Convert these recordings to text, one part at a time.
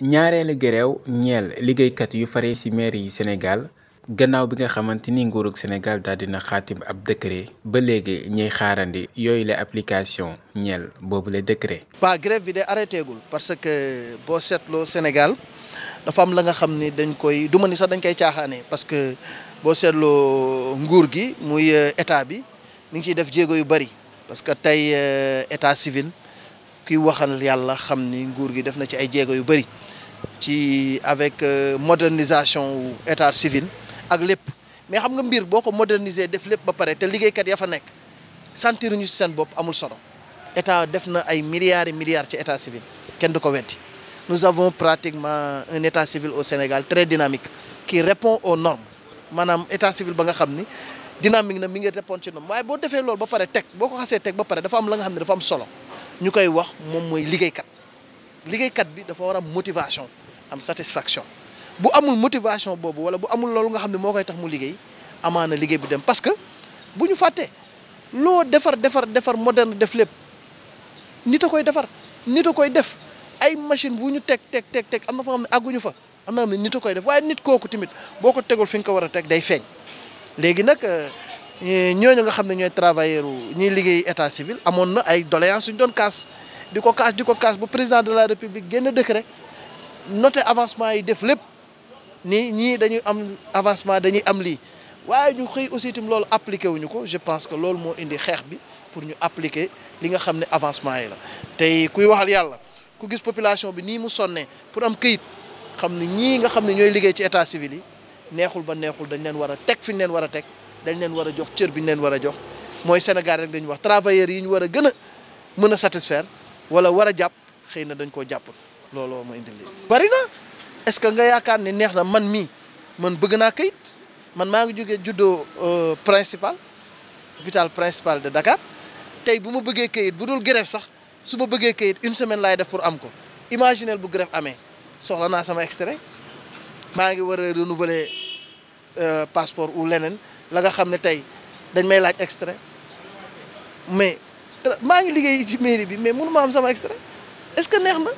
ñaareelu grève ñeel liggéeykat yu fare ci mairie yi Sénégal gannaaw bi nga xamante ni nguurug Sénégal daal na xaatim ab décret ba léegi ñuy xaarandi yooyu la application ñeel boobu la décret. waa grève bi de arrêté gul parce que boo seetloo Sénégal dafa am la nga xam ni dañ koy duma ni sax dañ koy caaxaane parce que boo seetloo nguur gi muy euh, état bi mi ngi ciy def jéego yu bari. parce que tey euh, état civil kuy waxal yàlla xam ni nguur gi def na ci ay jéego yu bëri ci avec euh, modernisation état civil ak lépp mais xam nga mbir boo ko moderniser def lépp ba pare te liggéeykat ya fa nekk sentir ñu si seen bopp amul solo état def na ay milliards et milliards ci état civil kenn du ko weddi nous avons pratiquement un état civil au Sénégal très dynamique qui répond aux normes maanaam état civil ba nga xam ni dynamique na mi ngi répondre ci ñoom waaye boo defee loolu ba pare teg boo ko xasee teg ba pare dafa am la nga xam ne dafa am solo ñu koy wax moom mooy liggéey liggéeykat liggéeykat bi dafa war a motivation am satisfaction bu amul motivation boobu wala bu amul loolu nga xam ne moo koy tax mu liggéey amaana liggéey bi dem parce que bu ñu fàttee loo defar defar defar moderne def lépp nit a koy defar nit a koy def ay machine bu ñu teg teg teg teg am na fa xam ne àgguñu fa am na xam nit koy def waaye nit kooku tamit boo ko tegul fi nga ko war a teg day feeñ léegi nag euh, ñooñu nga xam ne ñooy travailleur ñuy liggéey état civil amoon na ay doléances suñ doon kaas di ko kaas di ko kaas ba président de la république génn décret noté avancement yi def lépp ni ñii dañuy am avancement dañuy am lii waaye ñu xëy aussi itam loolu appliqué wuñu ko je pense que loolu moo indi xeex bi pour ñu appliquer li nga xam ne avancement yi la tey kuy waxal yàlla ku gis population bi nii mu sonnee pour am këyit xam ne ñii nga xam ne ñooy liggéey ci état civil yi neexul ba neexul dañ leen war a teg fi ñu leen war a teg dañ leen war jox cër bi ñu war a jox mooy Sénégal rek dañu wax travailleurs yi ñu war a gën a mën a satisfaire wala war a jàpp xëy na dañ koo jàpp looloo mooy indil léegi. bari est-ce que nga yaakaar ne neex na man mii man bëgg naa kayit man maa ngi jógee juddoo euh, principal hôpital principal de Dakar tey bu ma bëggee kayit bu dul grève sax su ma bëggee kayit une semaine laay def pour am ko imaginel bu grève amee soxla naa sama extrait maa ngi Euh, passeport ou leneen la nga xam ne tey dañ may laaj extrait mais maa ngi liggéey ci mairie bi mais mënu am sama extrait est-ce que neex na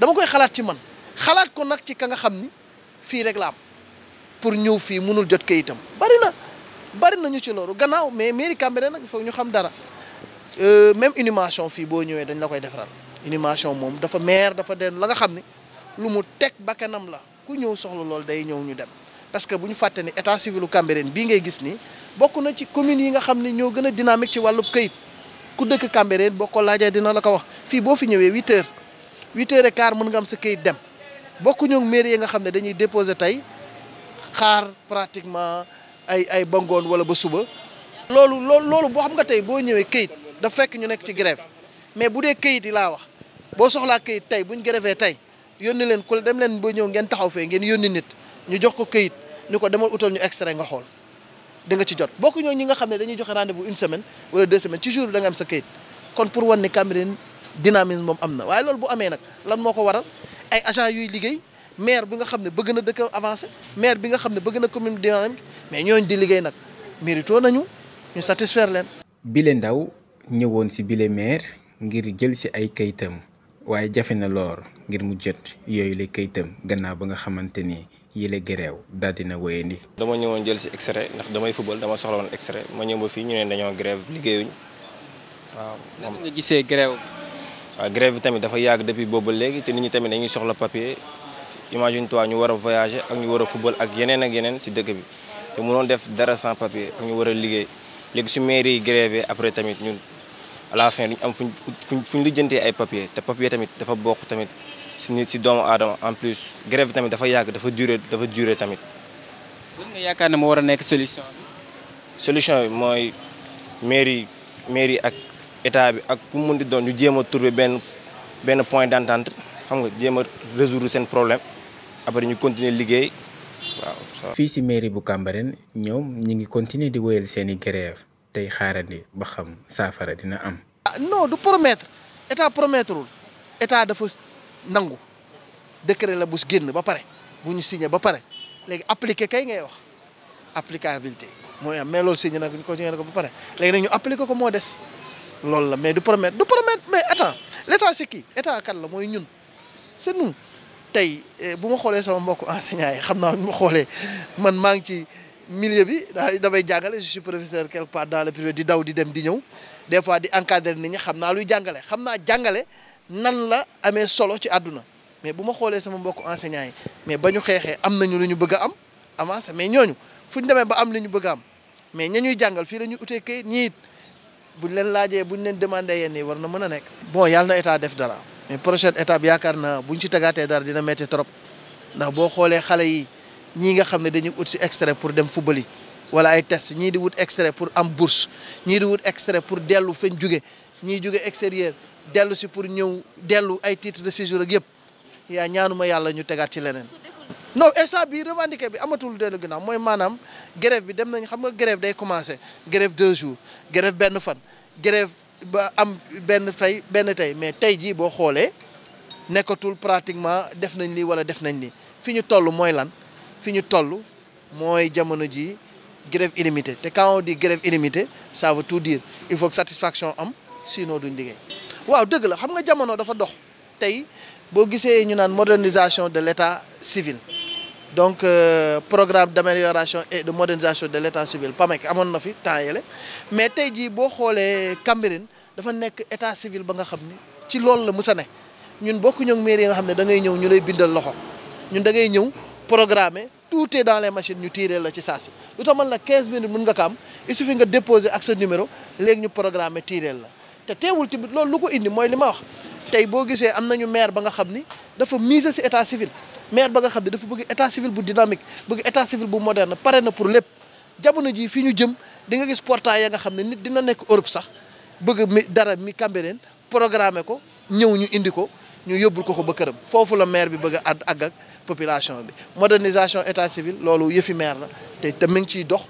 dama koy xalaat ci man xalaat ko nag ci ka nga xam ni fii rek la am pour ñëw fii mënul jot kayitam bari na bari na ñu ci loolu gannaaw mais mairie Cambérène nag foog ñu xam dara euh, même inhumation fii boo ñëwee dañ la koy defaral inhumation moom dafa maire dafa den la nga xam ni lu mu teg bakkanam la ku ñëw soxla loolu day ñëw ñu dem parce que bu ñu fàtte ni état civil u Cambérène ngay gis ni bokk na ci commune yi nga xam ne ñoo gën a dynamique ci wàllub kayit ku dëkk Cambérène bokkoo ko laajee dina la ko wax fii boo fi ñëwee huit heures huit heures et quart mën nga am sa këyit dem bokku ñoo yi nga xam ne dañuy déposer tey xaar pratiquement ay ay ba wala ba suba loolu loolu loolu boo xam nga tey boo ñëwee këyit da fekk ñu nekk ci grève mais bu dee kayit yi laa wax boo soxlaa kayit tey buñ grèvee tey yónni leen ku dem leen ba ñëw ngeen taxaw fee ngeen yónni nit ñu jox ko këyit ñu ko demal utal ñu extrait nga xool danga ci jot bokku ñoo ñi nga xam ne dañuy joxe rendez-vous une semaine wala deux semaines ci jour bi da am sa këyit kon pour wan ne Cambérène dynamisme moom am na waaye loolu bu amee nag lan moo ko waral ay agent yuy liggéey maire bi nga xam ne bëgg na dëkk avancé maire bi nga xam ne bëgg na commune dynamique mais ñooñ di liggéey nag mérito nañu ñu satisfaire leen bile ndaw ñëwoon ci bile maire ngir jël ci ay kayitam waaye jafe na lool ngir mu jot yooyu la kayitam gannaaw ba nga xamante ni yile gereew daal dina wéyandi. dama ñëwoon jël si extrait ndax damay football dama soxla woon extrait ma ñëw ba fii ñu ne dañoo grève liggéeyuñ waaw. naka nga gisee grève. waaw grève bi tamit dafa yàgg depuis boobu léegi te nit ñi tamit dañuy soxla papier imagine toi ñu war a voyager ak ñu war a football ak yeneen ak yeneen si dëkk bi te mënoon def dara sans papier ak ñu war a liggéey léegi su mairie après tamit ñun. à la fin am fuñ fuñ fuñ lijjantee ay papier te papier tamit dafa bokk tamit si nit si doomu en plus grève bi tamit dafa yàgg dafa durer dafa durer tamit. yaakaar ne moo war a nekk solution bi. solution bi mooy mairie ak état bi ak ku mu mënti doon ñu jéem a trouver benn benn point d'entente xam nga jéem a résoudre seen problème après ñu continuer liggéey waaw. fii si mairie bu Cambérène ñoom ñu ngi continuer di wéyal seen i grève tey xaarandi ba xam saafara dina am. ah non du promettre état promettrewul état dafa nangu décret la bu génn ba pare bu ñu signé ba pare léegi appliqué kay ngay wax applicabilité mooy am mais loolu signé na ko signé na ko ba pare léegi nag ñu appliqué ko moo des loolu la mais du promettre du promettre mais attends l' état c' est état kan la mooy ñun c' tey eh, bu ma xoolee sama mbokku enseignant yi xam naa bu ma xoolee man maa ngi ci. millier bi damay jàngale je suis professeur quelque part dans le privé di daw di dem di ñëw des fois di encadrer ni ñi xam naa luy jàngale xam naa jàngale nan la amee solo ci àdduna mais bu ma xoolee sama mbokk enseignants yi mais ba ñu xeexee am nañu lu ñu bëgg a am avancé mais ñooñu fu ñu demee ba am li ñu bëgg am mais ña ñuy jàngal fii la ñuy utee kayit ñii it buñ leen laajee buñ leen demandé yenn yi war na mën a nekk. bon yàlla na état def dara mais prochaine état yaakaar naa buñ ci tegaatee dara dina métti trop ndax boo xoolee xale yi. ñii nga xam ne dañuy ut si extrait pour dem fubali wala ay test ñii di wut extrait pour am bourse ñii di wut extrait pour dellu feeñ jóge ñii jóge extérieur dellu si pour ñëw dellu ay titre de séjour ak yëpp yaa ñaanuma yàlla ñu tegaat ci leneen non instant bi revendiqué bi amatul dellu ginnaaw mooy maanaam grève bi dem nañ xam nga grève day commencé grève deux jour grève benn fan grève ba am benn fay benn tey mais tey jii boo xoolee nekkatul pratiquement def nañ lii wala def nañ lii fi ñu toll mooy lan fi ñu toll mooy jamono ji grève illimitée te quand on dit grève tout dire il faut que am sinon duñ liggéey waaw dëgg la xam nga jamono dafa dox tey boo gisee ñu naan modernisation de l'état civil donc euh, programme d'amélioration et de modernisation de l'état civil PAMEC amoon na fi temps yële mais tey jii boo xoolee Cambérène dafa nekk état civil ba nga xam ni ci loolu la musa ne ñun bokku ak mairie yi nga xam ne da ngay ñëw ñu lay bindal loxo ñun da ñëw programme tout est dans les machines ñu tiiree la ci saa si lu tax man la 15 minutes mun nga ko am il nga déposer ak sa numéro léegi ñu programmé tiireel la te teewul tamit loolu lu ko indi mooy li ma wax tey boo gisee am nañu maire ba nga xam ni dafa miser si état civil maire ba nga xam ne dafa bëgg état civil bu dynamique bëgg état civil bu moderne pare na pour lépp jamono jii fi ñu jëm di nga gis portail ya nga xam ne nit dina nekk Europe sax bëgg mi dara mi Cambérène programmé ko ñëw ñu indi ko ñu yóbbul ko ko ba këram foofu la maire bi bëgg a àgg population bi modernisation état civil loolu yëfi maire la te te mi ngi ciy dox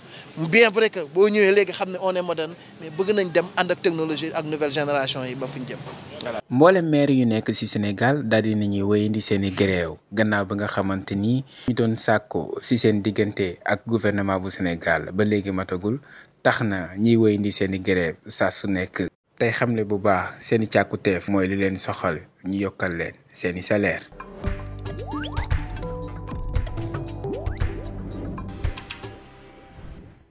bien vrai que boo ñëwee léegi xam ne one est moderne mais bëgg nañ dem ànd ak technologie ak nouvelle génération yi ba fu ñu jëm voilà. mboolem yu nekk ci Sénégal daldi daal ñuy nañuy wéyandi seen i grève gannaaw ba nga xamante ni ñu doon sàkku ci seen diggante ak gouvernement bu Sénégal ba léegi matagul tax na ñiy wéyandi seen i grève saa su nekk. tey xamle bu baax seen i càkkuteef mooy li leen soxal. ñu yokkal leen seeni salaire